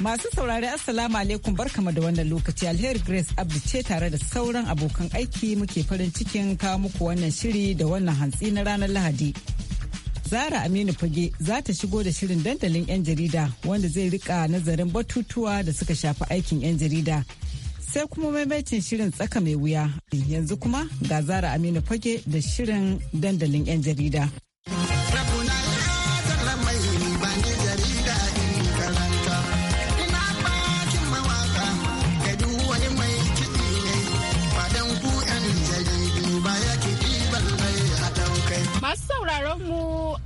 Masu saurari Assalamu alaikum barkama da wannan lokaci alheri Grace Abdi ce tare da sauran abokan aiki muke farin cikin kawo muku wannan shiri da wannan hantsi na ranar Lahadi. Zara Aminu Fage za ta shigo da shirin dandalin 'yan jarida wanda zai rika nazarin batutuwa da suka shafi aikin 'yan jarida. Sai kuma maimaitin shirin tsaka mai wuya. Yanzu kuma ga Zara Aminu Fage da shirin dandalin 'yan jarida.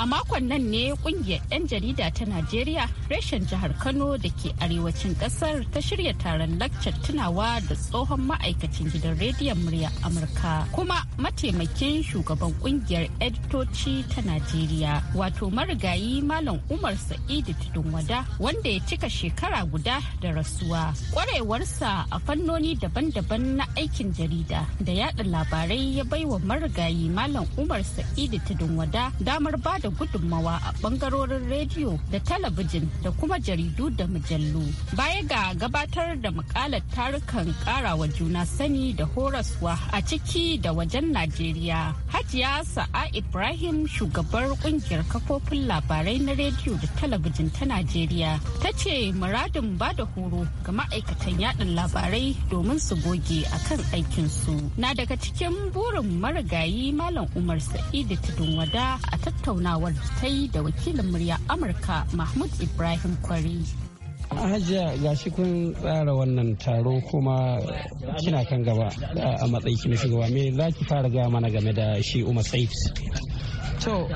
A makon nan ne kungiyar 'yan jarida ta Najeriya reshen jihar Kano da ke arewacin kasar ta shirya taron lakcar tunawa da tsohon ma'aikacin gidan rediyon murya Amurka kuma mataimakin shugaban kungiyar editoci ta Najeriya wato marigayi Malam Umar Sa'idu Tudunwada wanda ya cika shekara guda da rasuwa. Kwarewarsa a fannoni daban-daban na aikin jarida da yada labarai ya baiwa marigayi Malam Umar Sa'idu Tudunwada damar bada da gudunmawa a bangarorin rediyo da talabijin da kuma jaridu da mujallu. Baya ga gabatar da mukalar tarukan karawa juna sani da horaswa a ciki da wajen Najeriya. Hajiya Sa'a Ibrahim shugabar kungiyar kafofin labarai na rediyo da talabijin ta Najeriya ta ce muradin ba da horo ga ma'aikatan yadin labarai domin su goge akan aikinsu. Na daga cikin burin marigayi Malam Umar Sa'idu Tudunwada a tattaunawa tattaunawar ta yi da wakilin murya amurka mahmud ibrahim kwari hajiya ga shi kun tsara wannan taro kuma kina kan gaba a matsayi na shugaba me za ki fara gaya mana game da shi umar said to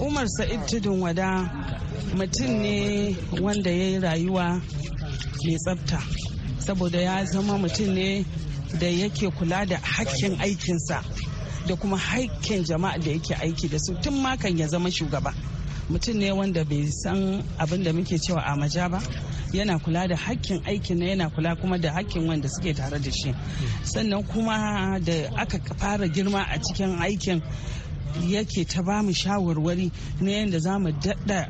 umar sa'id tudun wada mutum ne wanda ya yi rayuwa mai tsabta saboda ya zama mutum ne da yake kula da hakkin aikinsa da kuma hakkin jama'a da yake aiki da su tun makan ya zama shugaba mutum ne wanda bai san abin da muke cewa a maja ba yana kula da hakkin aikin na yana kula kuma da hakkin wanda suke tare da shi sannan kuma da aka fara girma a cikin aikin yake ta ba mu shawarwari na yadda za mu daɗa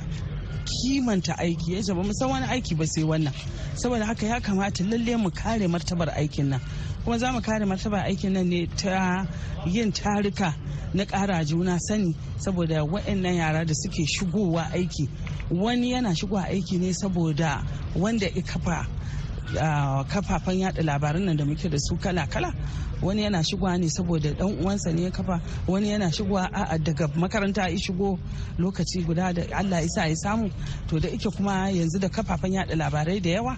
kimanta aiki ya ba mu san wani aiki ba sai wannan saboda haka ya kamata lalle mu kare martabar aikin nan kuma za mu kare martaba aikin nan ne ta yin tarika na ƙara juna sani saboda waɗannan yara da suke shigowa aiki wani yana shigowa aiki ne saboda wanda ya kafa ah, kafafen yada labaran nan da muke da su kala-kala wani yana shigowa ne saboda dan uwansa ne ya kafa wani yana shigowa a'a daga makaranta ya shigo lokaci guda da Allah isa ya samu to da ike kuma yanzu da kafafen yada labarai da yawa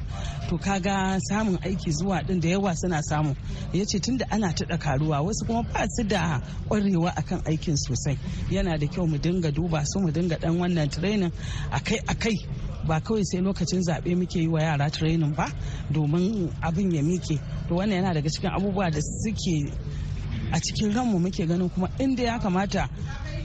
to kaga samun aiki zuwa din da yawa suna samu ya ce tunda ana taɗa karuwa wasu kuma ba su da kwarewa akan aikin sosai yana da kyau mu dinga duba su mu dinga dan wannan training akai akai ba kawai sai lokacin zaɓe muke yi wa yara training ba domin abin ya mike to wannan yana daga cikin abubuwa da suke a cikin ranmu muke ganin kuma inda ya kamata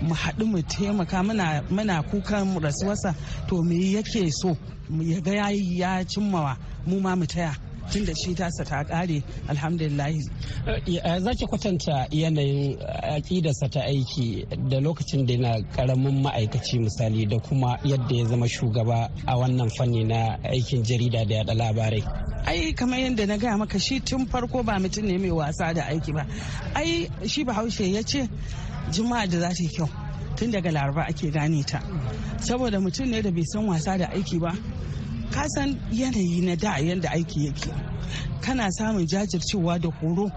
mu haɗu mu taimaka muna kukan rasuwarsa to me yake so ya ga ya cimmawa mu ma mu taya tun da shi tasa ta kare alhamdulillahi za ki kwatanta yanayin eh, aƙidarsa ta aiki da lokacin da na karamin ma'aikaci misali da kuma yadda ya zama shugaba a wannan fanni na aikin jarida da yada labarai ai kamar yadda na gaya maka shi tun farko ba mutum ne mai wasa da aiki ba ai shi bahaushe ya ce juma'a da za ta yi kyau tun daga laraba ake gane ta saboda mutum ne da bai san wasa da aiki ba ka san yanayi na da yanda aiki yake kana samun jajircewa da horo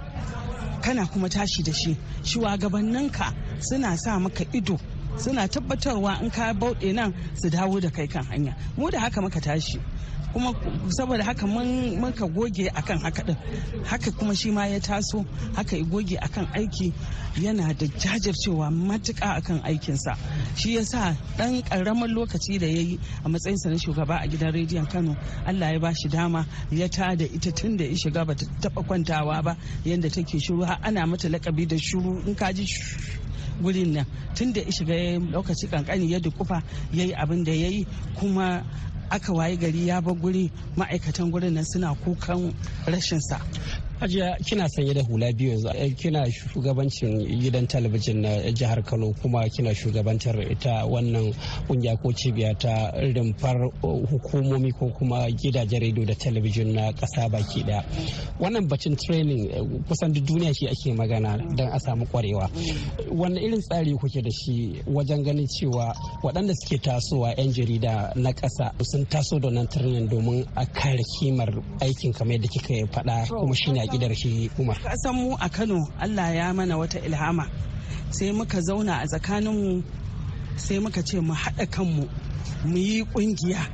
kana kuma tashi da shi shugabanninka suna sa maka ido suna tabbatarwa in ka bauɗe nan su dawo da kai kan hanya mu da haka muka tashi kuma saboda haka mun ka goge akan haka din haka kuma shi ma ya taso haka ya goge akan aiki yana da jajircewa matuka akan aikinsa shi ya sa ɗan ƙaramin lokaci da ya yi a matsayinsa na shugaba a gidan rediyon kano allah ya ba shi dama ya ta da ita tun da ya shiga ba ta taɓa kwantawa ba yadda take shiru ana mata lakabi da shiru in ka ji gurin nan tunda da shiga ya lokaci kankani ya dukufa ya yi abin da ya yi kuma aka waye gari ya bar guri ma'aikatan gurin nan suna kukan rashinsa Hajiya kina sanye da hula biyu yanzu eh, kina shugabancin gidan talabijin na jihar Kano kuma kina shugabantar ta wannan kungiya ko cibiya ta rumfar eh, hukumomi ko kuma gidajen rediyo da talabijin na kasa baki daya. Wannan bacin training eh, kusan duk duniya shi ake magana don a samu kwarewa. Wani irin tsari kuke da shi wajen ganin cewa waɗanda suke tasowa 'yan jarida na ƙasa sun taso da nan training domin a kare kimar aikin kamar yadda kika faɗa kuma ne. aƙidar shi Umar. Kasan mu a Kano Allah ya mana wata ilhama sai muka zauna a tsakaninmu sai muka ce mu haɗa kanmu mu yi ƙungiya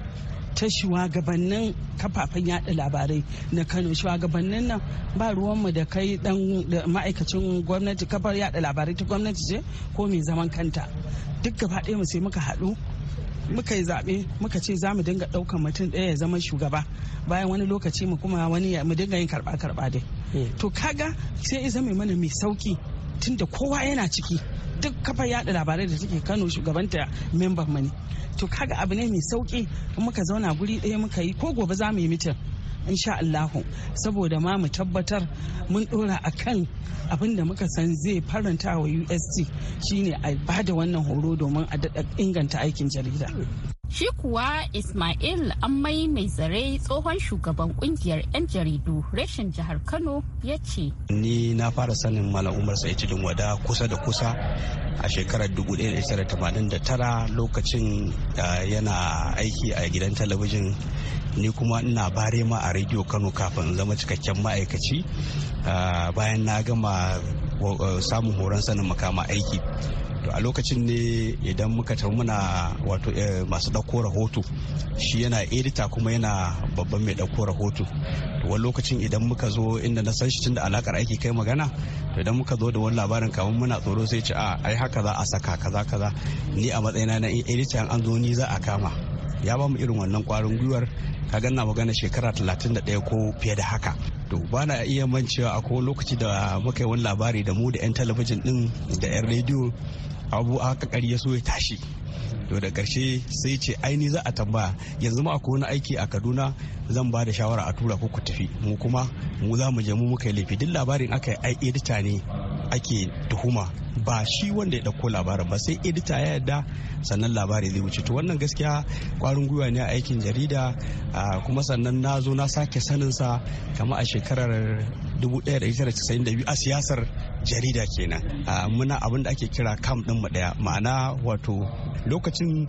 ta shugabannin kafafen yada labarai na kano shugabannin nan ba ruwanmu da kai dan ma'aikacin gwamnati kafar yada labarai ta gwamnati ce ko mai zaman kanta duk gaba ɗaya mu sai muka haɗu muka yi zaɓe muka ce za mu dinga ɗaukan mutum ɗaya ya zama shugaba bayan wani lokaci mu kuma wani mu dinga yin karɓa karɓa dai hmm. to kaga sai ya zama mana mai sauki tunda kowa yana ciki duk kafa yaɗa labarai da take kano shugabanta memban mani to kaga abu ne mai sauki muka zauna guri ɗaya muka yi ko gobe za mu yi mitin insha Allahu saboda ma mu tabbatar mun dora akan abin da muka san zai faranta wa UST shine a bada wannan horo domin a dada inganta aikin jarida. Shi kuwa Ismail Ammai mai zare tsohon shugaban kungiyar 'yan jaridu rashin jihar Kano ya ce. Ni na fara sanin Malam Umar Sa'id cikin Wada kusa da kusa a shekarar 1989 lokacin eh, yana aiki a gidan talabijin ni kuma ina bare ma a rediyo kano kafin zama cikakken ma'aikaci ah, bayan na gama samun horon sanin makama aiki to a lokacin ne idan muka tafi muna wato eh, masu ɗauko rahoto shi yana edita kuma yana babban mai ɗauko rahoto to wani lokacin idan muka zo inda na san shi tunda alakar aiki kai magana to idan muka zo da wani labarin kamar muna tsoro sai ce a ah, ai haka za a saka kaza kaza ni a matsayina na edita an zo ni za a kama ya ba mu irin wannan kwarin gwiwar ka ganna magana shekara 31 ko fiye da haka to ba na iya mancewa a kowane lokaci da muka yi wani labari da mu da 'yan talabijin din da 'yan rediyo abu aka kari ya so ya tashi to da karshe sai ce aini za a tambaya yanzu ma akwai wani aiki a kaduna zan ba da shawara a tura ko ku tafi mu kuma mu za mu je mu muka yi laifi duk labarin aka yi ai edita ne ake tuhuma ba shi wanda ya ɗauko labarin ba sai edita ya yarda sannan labari zai wuce to wannan gaskiya kwarin gwiwa ne a aikin jarida kuma sannan na zo na sake saninsa kama a shekarar 1992 a siyasar jarida kenan muna abin da ake kira kam ɗin mu ɗaya ma'ana wato lokacin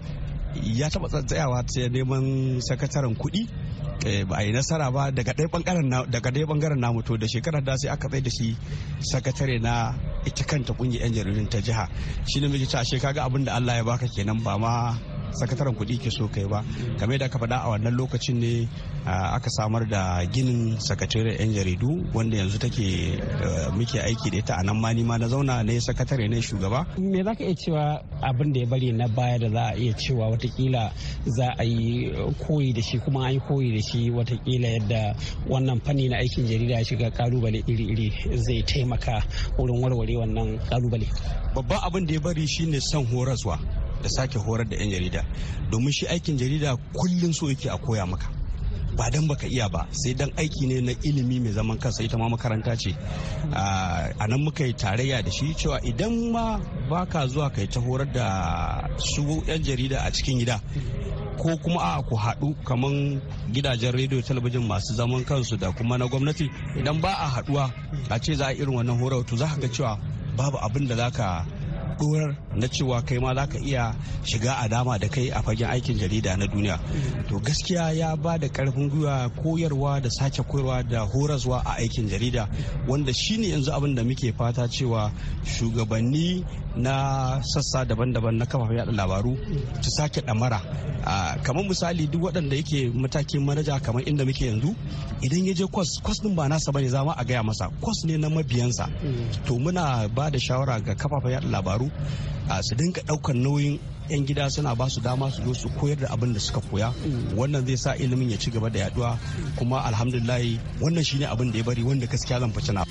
ya taba tsatsayawa ta neman sakataren kuɗi eh, ba a yi nasara ba daga ɗaya ɓangaren namu to da shekarar da sai aka tsaye da shi sakatare na ita kanta ƙungiyar 'yan jaridun ta jiha shi ne muke ta ashe kaga abin da Allah ya baka kenan ba ma sakataren kuɗi ke so kai ba game da aka faɗa a wannan lokacin ne aka samar da ginin sakatare 'yan jaridu wanda yanzu take muke aiki da ita a nan ma ma na zauna ne sakatare ne shugaba me za ka iya cewa abin da ya bari na baya da za a iya cewa watakila za a yi koyi da shi kuma an koyi da shi watakila yadda wannan fanni na aikin jarida ya shiga kalubale iri-iri zai taimaka wurin warware wannan kalubale babban abin da ya bari shine son horaswa da sake horar da 'yan jarida domin shi aikin jarida kullum so yake a koya maka ba dan baka iya ba sai dan aiki ne na ilimi mai zaman kansa ita ma makaranta ce a nan muka yi tarayya da shi cewa idan ma baka zuwa kai ta horar da su 'yan jarida a cikin gida ko kuma a ku haɗu kamar gidajen rediyo talabijin masu zaman kansu da kuma na gwamnati idan ba a haɗuwa a ce za a irin wannan horar to za ka ga cewa babu abin da za ka dorar na cewa kai ma zaka iya shiga a dama da kai a fagen aikin jarida na duniya to gaskiya ya ba da karfin gwiwa koyarwa da sake koyarwa da horaswa a aikin jarida wanda shine yanzu abin da muke fata cewa shugabanni na sassa daban-daban na kafafen yada labaru su sake damara kamar misali duk waɗanda yake matakin manaja kamar inda muke yanzu idan ya je kwas kwas ɗin ba nasa bane za ma a gaya masa kwas ne na mabiyansa to muna ba da shawara ga kafafen yada labaru su a su dinga ɗaukar nauyin 'yan gida suna ba su dama su zo su koyar da abin da suka koya wannan zai sa ilimin ya ci gaba da yaduwa kuma alhamdulillah wannan shine abin da ya bari wanda gaskiya zan fice na.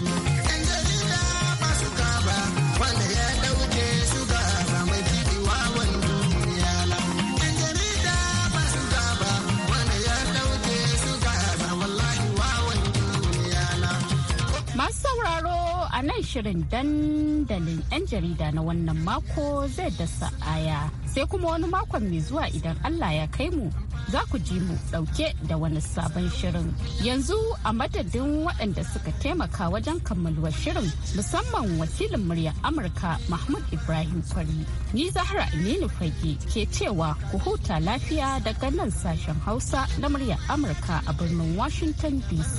shirin dandalin 'yan jarida na wannan mako zai dasa aya sai kuma wani makon mai zuwa idan Allah ya kai mu za ku ji mu dauke da wani sabon shirin yanzu a madadin waɗanda suka taimaka wajen kammaluwar shirin musamman wakilin murya amurka mahmud ibrahim kwari ni zahra aminu fage ke cewa ku huta lafiya daga nan sashen hausa na murya amurka a birnin washington dc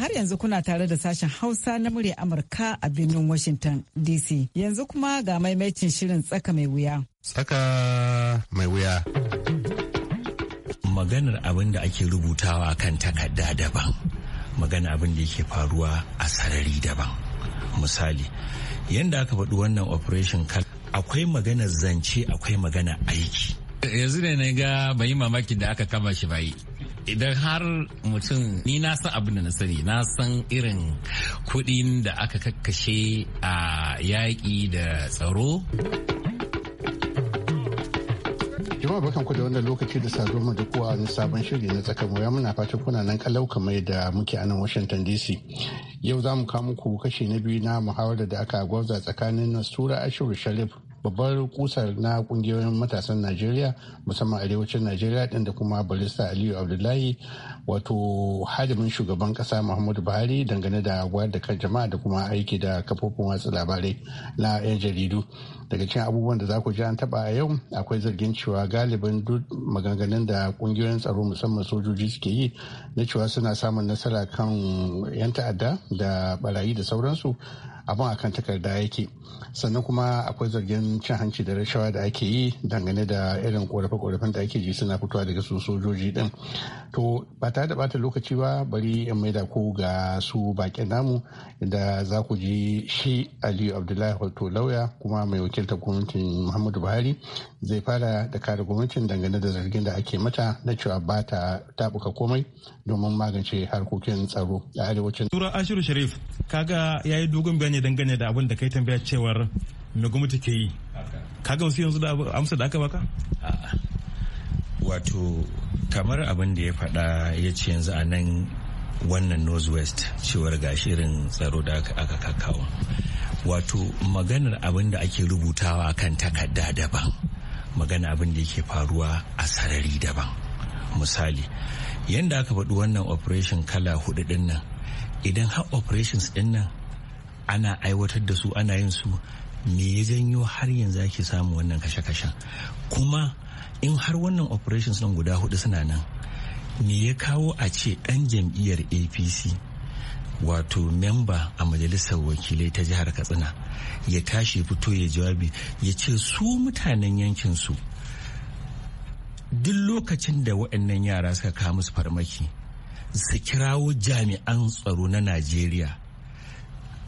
har yanzu kuna tare da sashen Hausa na murya Amurka a birnin Washington DC. Yanzu kuma ga maimacin shirin tsaka mai wuya. Tsaka mai wuya. Maganar abin da ake rubutawa kan takarda daban, magana abin da yake faruwa a sarari daban. Misali, yadda aka faɗi wannan operation kan akwai maganar zance akwai magana aiki. Yanzu ne na ga bayi mamaki da aka kama shi bayi. idan har mutum ni na san abin da na sani na san irin kuɗin da aka kakkashe a yaƙi da tsaro jama'a bakan ku da wannan lokaci da sa mu da kowa wani sabon shiri na tsakar wuya muna fatan kuna nan kalau kamar da muke a nan washington dc yau za mu kawo muku kashi na biyu na muhawarar da aka gwauza tsakanin nasura ashiru sharif babbar kusar na kungiyoyin matasan najeriya musamman arewacin najeriya din da kuma barista aliyu abdullahi wato hadimin shugaban kasa muhammadu buhari dangane da wayar da kan jama'a da kuma aiki da kafofin watsa labarai na 'yan jaridu daga cikin abubuwan da za ku ji an taba a yau akwai zargin cewa galibin duk maganganun da kungiyoyin tsaro musamman sojoji suke yi na cewa suna samun nasara kan 'yan ta'adda da barayi da sauransu abin kan takarda yake sannan kuma akwai zargin cin hanci da rashawa da ake yi dangane da irin korafe-korafen da ake ji suna fitowa daga su sojoji din to ba tare da bata lokaci ba bari in da ku ga su bakin namu da za ku ji shi aliyu abdullahi wato lauya kuma mai wakiltar gwamnatin muhammadu buhari zai fara da kare gwamnatin dangane da zargin da ake mata na cewa ba ta tabuka komai domin magance harkokin tsaro a arewacin tura ashiru sharif kaga yayi dogon bayani dangane da abin da kai tambaya cewar me gwamnati ke yi ka wasu yanzu da amsa da aka baka wato kamar abin da ya faɗa ya ce yanzu a nan wannan northwest cewar ga shirin tsaro da aka kakawo wato maganar abin da ake rubutawa kan takarda daban magana abin da yake faruwa a sarari daban misali yadda aka faɗi wannan operation kala hudu din nan idan har operations din nan ana aiwatar da su ana yin su me ya janyo har yanzu ake samu wannan kashe-kashen kuma in har wannan operations nan guda hudu suna nan me ya kawo a ce ɗan jam'iyyar apc wato memba a majalisar wakilai ta jihar katsina ya tashi fito ya jawabi ya ce su mutanen yankin su duk lokacin da waɗannan yara suka kawo musu farmaki su kirawo jami'an tsaro na najeriya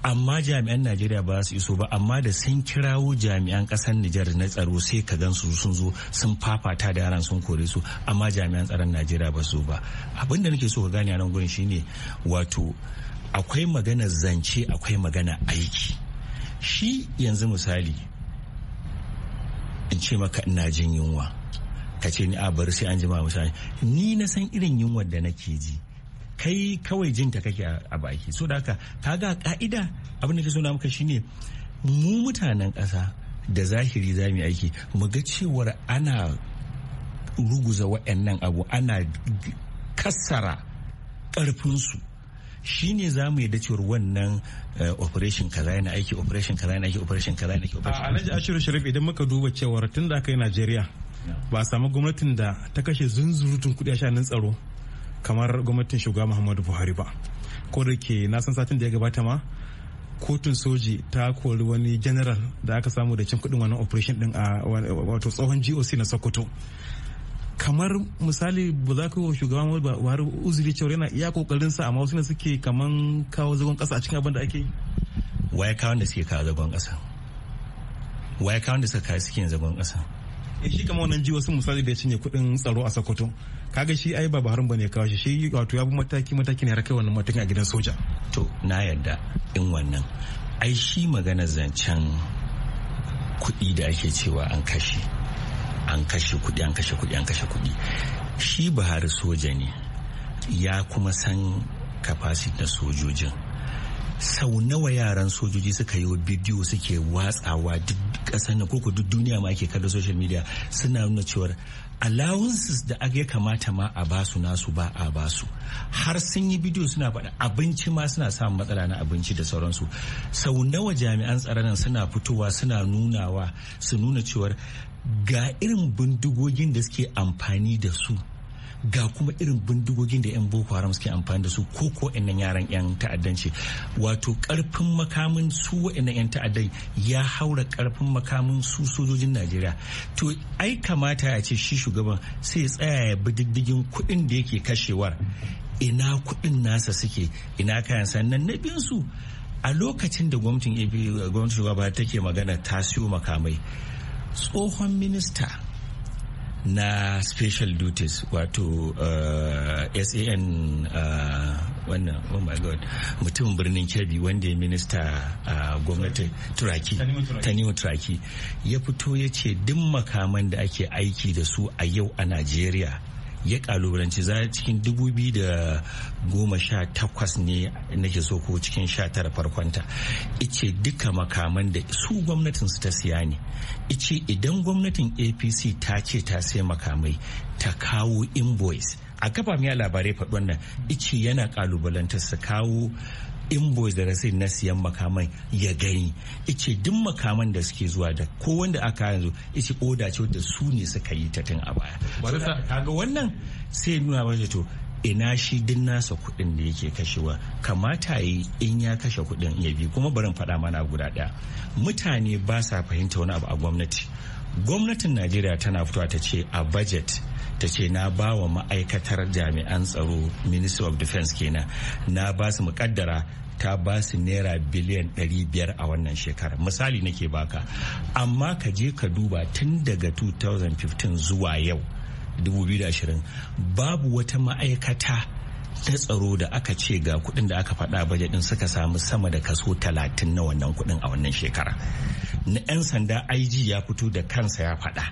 amma jami'an najeriya ba su iso ba amma da sun kirawo jami'an kasar nijar na tsaro sai ka gan su sun zo sun fafata da yaran sun kore su amma jami'an tsaron najeriya ba su ba abin da nake so ka gane a nan gurin shine wato akwai magana zance akwai magana aiki shi yanzu misali in ce maka ina jin yunwa ka ce ni a bar sai an jima misali ni na san irin yunwar da nake ji kai kawai jinta kake a baki so da haka kaga ka'ida abin da ke suna muka maka shine mu mutanen ƙasa da zahiri za mu aiki mu ga cewar ana ruguza wa'annan abu ana kassara ƙarfinsu shi ne za mu yadda cewar wannan eh, operation kaza yana aiki operation kaza yana aiki operation kaza yana aiki operation ashiru idan muka duba cewar tun da aka yi najeriya ba a samu gwamnatin da ta kashe zunzurutun kudi a shanin tsaro kamar gwamnatin shugaba muhammadu buhari ba ko da ke na san satin da ya gabata ma kotun soji ta kori wani general da aka samu da cin kudin wannan operation din a wato tsohon goc na sokoto kamar misali ba za ka yi wa shugaban buhari uzuri cewa yana iya kokarin sa amma wasu ne suke kaman kawo zagon kasa a cikin abin da ake yi waya kawo da suke kawo zagon kasa waya kawo da suka kawo suke zagon kasa Eh, shi kamar wannan ji wasu misali da ya cinye kuɗin tsaro a Sokoto kaga shi ai ba harin bane kawo shi shi wato ya bi mataki mataki ne rakai wannan matakin a gidan soja to na yarda in wannan ai shi magana zancen kuɗi da ake cewa an kashe an kashe kuɗi an kashe kuɗi an kashe kuɗi shi buhari soja ne ya kuma san capacity na sojojin sau nawa yaran sojoji suka yi bidiyo suke watsawa duk kasar nan koko duk duniya ma ake kada social media suna nuna cewar allowances da ya kamata ma a basu nasu ba a basu har sun yi bidiyo suna faɗa abinci ma suna samun matsala na abinci da sauransu sau nawa jami'an tsaron suna fitowa suna nunawa su nuna cewar ga irin bindigogin da suke amfani da su ga kuma irin bindigogin da 'yan boko haram suke amfani da su ko ko nan yaran 'yan ta'addanci wato karfin makamin su wa'annan 'yan ta'addan ya haura karfin makamin su sojojin najeriya to ai kamata ya ce shi shugaban sai tsaya ya bi diddigin kuɗin da yake kashewar ina kuɗin nasa suke ina kayan sannan na biyun su a lokacin da gwamnatin shugaba take magana ta siyo makamai tsohon minista na special duties wato uh, san uh, wannan oh my god mutum birnin kebbi wanda ya minista a uh, gwamnatin turaki tanimu turaki ya fito ya ce duk makaman da ake aiki da su a yau a najeriya ya kalubalanci za cikin 2018 ne nake so ko cikin 19 farkonta ice duka makaman da su gwamnatin su ta siya ne ice idan gwamnatin apc ta ce ta sai makamai ta kawo invoice a kafa miya labarai faɗi wannan ice yana kalubalantar su kawo invoice da rasai na siyan makamai ya gani ice duk makaman da suke zuwa da ko wanda aka yanzu ice oda ce da su ne suka yi ta tun a baya kaga wannan sai nuna masa to ina shi din nasa kuɗin da yake kashewa kamata yi in ya kashe kuɗin ya bi kuma barin faɗa mana guda ɗaya mutane ba sa fahimta wani abu a gwamnati gwamnatin najeriya tana fitowa ta ce a budget ta ce na ba wa ma'aikatar jami'an tsaro ministry of defense kenan na ba su mukaddara ta ba su naira biliyan 500 a wannan shekarar misali nake baka amma ka je ka duba tun daga 2015 zuwa yau 2020 babu wata ma'aikata ta tsaro da aka ce ga kuɗin da aka faɗa bajet din suka samu sama da kaso 30 na wannan kuɗin a wannan shekara na 'yan sanda IG ya fito da kansa ya faɗa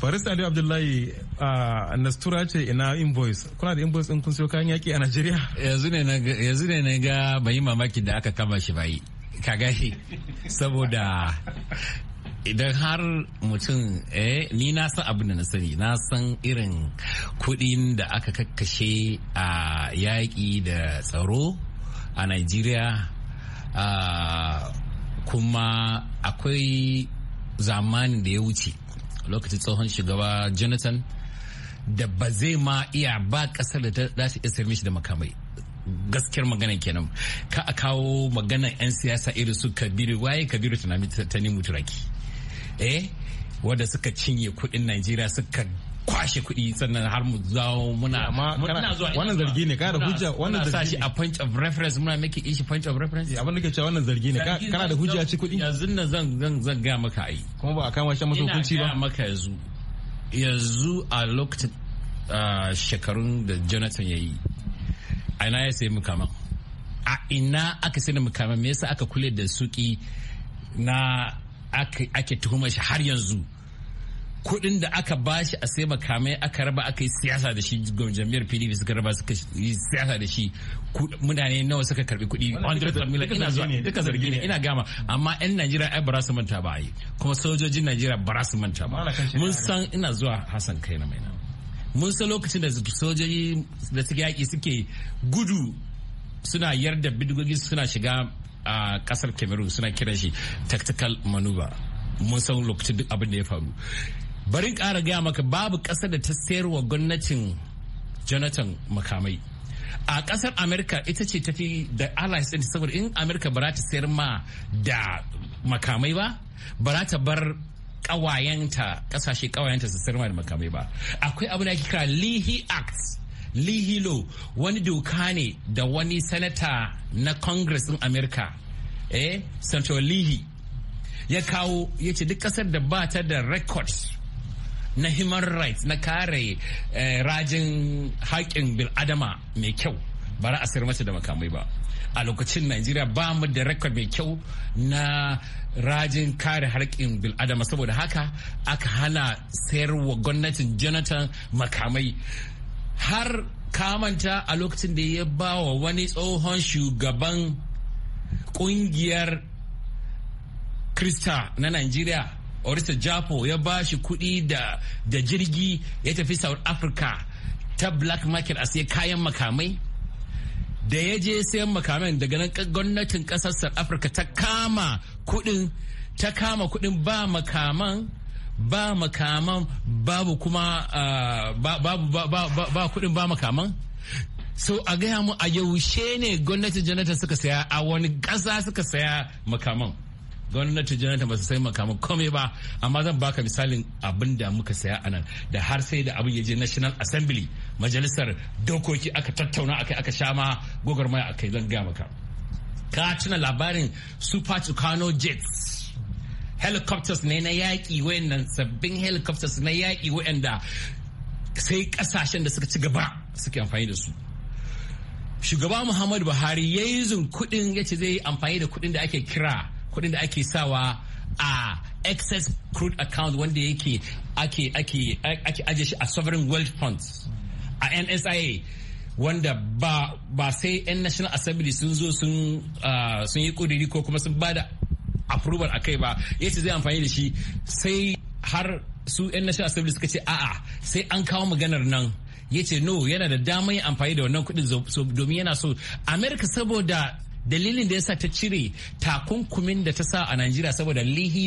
Faris Ali Abdullahi a Nastura ce ina invoice. Kuna da invoice in kun siyo kayan yaki a Najeriya? Yanzu ne na ga bai mamaki da aka kama shi bai. Ka gashi saboda idan har mutum eh ni na san abin da na sani na san irin kudin da aka kakkashe a yaƙi da tsaro a Najeriya kuma akwai zamanin da ya wuce lokacin tsohon shugaba Jonathan da ba zai ma iya ba kasar da ta iya sayar mishi da makamai gaskiyar magana kenan ka a kawo magana 'yan siyasa irin su kabiru waye kabiru tunani muturaki eh wanda suka cinye kuɗin Najeriya suka kwashe kuɗi sannan har mu zawo muna muna zuwa wannan zargi ne kana da hujja wannan zargi sashi a point of reference muna make ishi point of reference abin da ke cewa wannan zargi ne kana da hujja ci kuɗi yanzu nan zan zan zan ga maka ai kuma ba a kama shi masa hukunci ba ina ga maka yanzu yanzu a lokacin shekarun da Jonathan yayi a ina ya sayi mukaman a ina aka sani mukaman me yasa aka kule da suki na ake tuhumar shi har yanzu kuɗin da aka bashi a sai makamai aka raba aka yi siyasa da shi jami'ar pdp suka raba suka yi siyasa da shi mutane nawa suka karbi kuɗi ina zuwa duka zargi ne ina gama amma yan najeriya ai ba su manta ba kuma sojojin najeriya ba su manta ba mun san ina zuwa hassan kai na maina mun san lokacin da sojoji da suke yaƙi suke gudu suna yarda bidigogi suna shiga a kasar cameroon suna kiran shi tactical Manuba mun san lokacin duk abin da ya faru barin kara gaya maka babu ƙasar da ta sayarwa gwamnatin jonathan makamai a kasar Amerika ita ce tafi da allies ɗin saboda in america ba ta sayar ma da makamai ba ba ta bar kawayenta kasashe kawayenta su sayar ma da makamai ba akwai abu da ake kira lihi act lihilo wani doka ne da wani sanata na congress din america eh senator lihi ya kawo ya ce duk kasar da ba ta da records na human rights na kare eh, rajin haƙƙin bil'adama mai kyau ba a sayar mata da makamai ba a lokacin najeriya ba mu da record mai kyau na rajin kare harkin bil'adama saboda haka aka hana sayarwa gwamnatin jonathan makamai har kamanta a lokacin da ya ba wa wani tsohon shugaban kungiyar krista na nigeria orisa japo ya ba shi kuɗi da, jirgi ya tafi south africa ta black market a sai kayan makamai da ya je sayan makamai daga nan gwamnatin kasar south africa ta kama kudin ta kama kuɗin ba makaman ba makaman babu kuma babu ah, ba kudin ba makaman so a gaya mu a yaushe ne gwamnatin janata suka saya a wani ƙasa suka saya makaman gwamnatin janata ba su sai makaman komai ba amma zan baka misalin abin da muka saya a nan da har sai da abin ya je national assembly majalisar dokoki aka tattauna akai aka sha ma gogarmaya akai zan gaya maka ka tuna labarin super tucano jets helicopters ne na yaƙi wayannan sabbin helicopters na yaƙi wayanda sai kasashen da suka ci gaba suke amfani da su shugaba muhammadu buhari ya yi zun kudin ya ce zai amfani da kudin da ake kira kudin da ake sawa a excess crude account wanda yake ake ake ake ajiye shi a sovereign Wealth funds a nsia wanda ba ba sai 'yan national assembly sun zo sun ah, yi kudiri ko kuma sun bada approval a kai ba ya ce zai amfani da shi sai har su 'yan national assembly suka ce a'a sai an kawo maganar nan ya ce no yana da damar amfani da wannan kudin domin yana so america saboda dalilin da ya sa ta cire takunkumin da ta sa a najeriya saboda lihi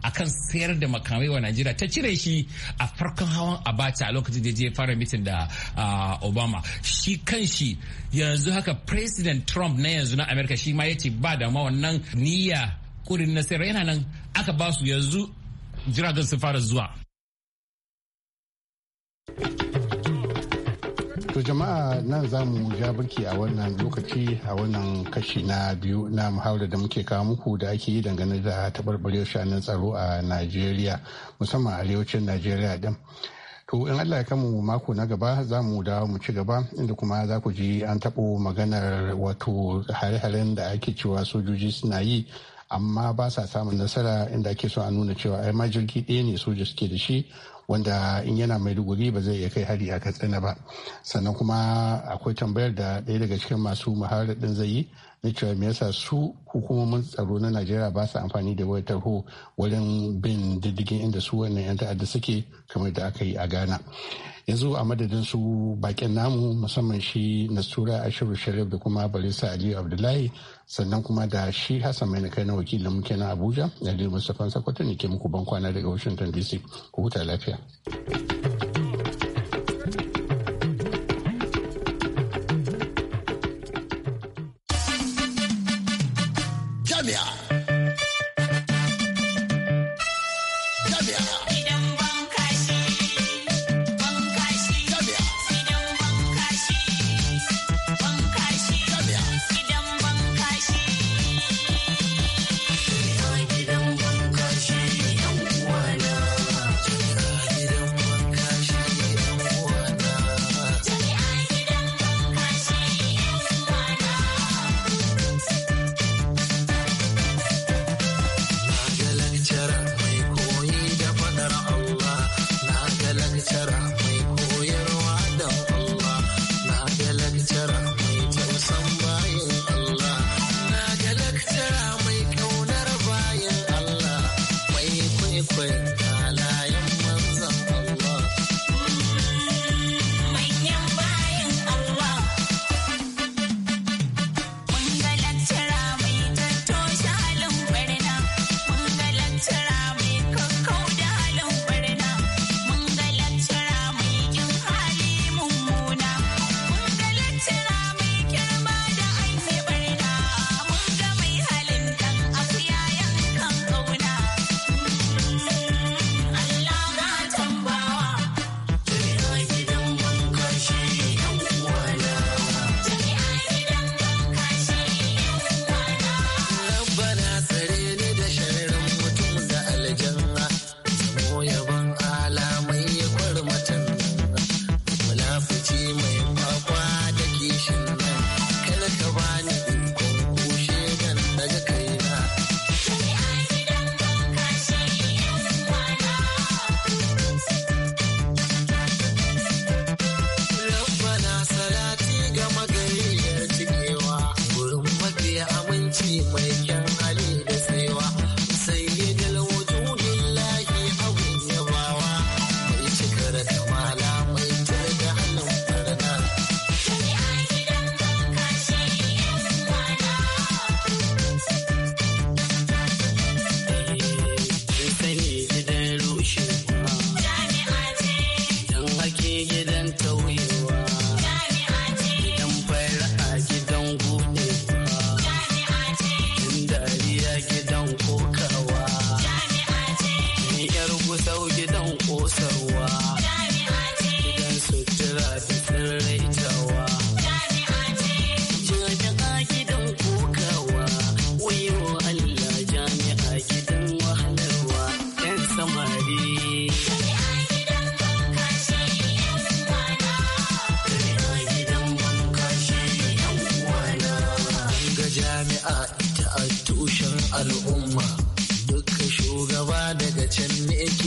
a kan sayar da makamai wa Najeriya ta cire shi a farkon hawan Abacha a lokacin da je fara mitin da ah, Obama shi kan shi yanzu haka President Trump na yanzu na Amerika shi ma ya ce ba ma wannan niyya kodin na sayar yana nan aka ba su yanzu jiragen su fara zuwa to jama'a nan za mu ja birki a wannan lokaci a wannan kashi na biyu na muhawara da muke kawo muku da ake yi dangane da taɓarɓarewar shanun tsaro a najeriya musamman arewacin najeriya din To in Allah ya kamu mako na gaba za mu dawo mu ci gaba inda kuma za ku ji an taɓo maganar wato hare-haren da ake cewa sojoji suna yi amma ba sa samun nasara inda ake so a nuna cewa ai ma jirgi ɗaya ne soja suke da shi wanda in yana mai maiduguri ba zai iya kai hari a katsina ba sannan kuma akwai tambayar da ɗaya daga cikin masu muharar ɗin zai yi na cewa me yasa su hukumomin tsaro na najeriya ba su amfani da wayar tarho wurin bin diddigin inda su wannan yan ta'adda suke kamar da aka yi a ghana yanzu a madadin su bakin namu musamman shi nasura ashiru sharif da kuma barisa aliyu abdullahi sannan kuma da shi hassan mai kai na wakilin muke na abuja aliyu mustapha sakwato ne ke muku ban kwana daga washington dc huta lafiya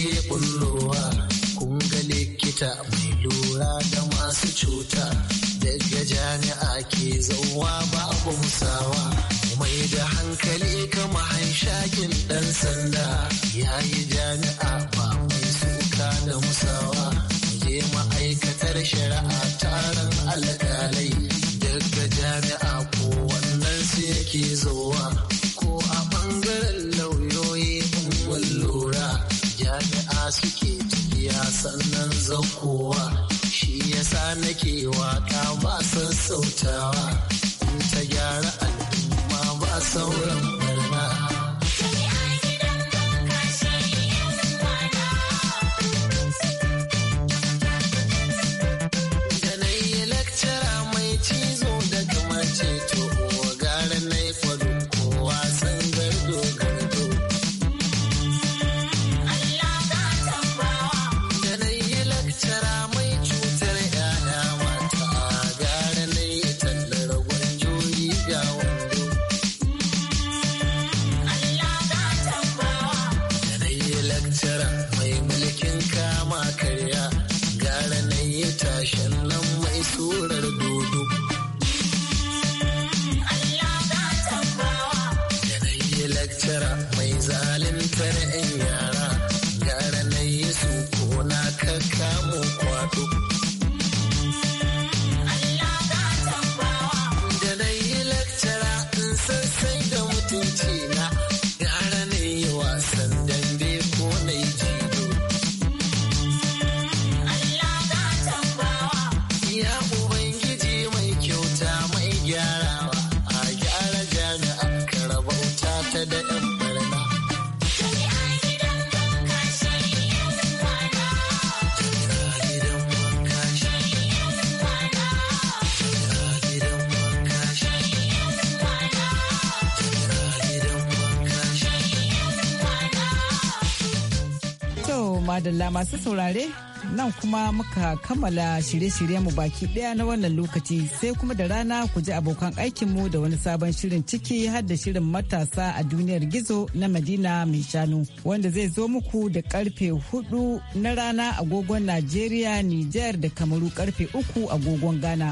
ke bullowa kun ga likita mai lura da masu cuta daga jami'a ke zauwa babu musawa mai da hankali kama hanshakin ɗan sanda yayi jami'a ba mai suka da musawa je ma'aikatar shari'a taron alkalai daga jami'a ko wannan sai ke zowa ko a ɓangaren suke tafiya sannan zakowa shi yasa nake waka ba sassautawa in ta gyara al'umma ba sauran madalla masu saurare nan kuma muka kammala shirye-shiryenmu baki daya na wannan lokaci sai kuma da rana ku ji abokan aikinmu da wani sabon shirin ciki har da shirin matasa a duniyar gizo na madina mai shanu wanda zai zo muku da karfe hudu na rana agogon najeriya niger da kamaru karfe uku agogon ghana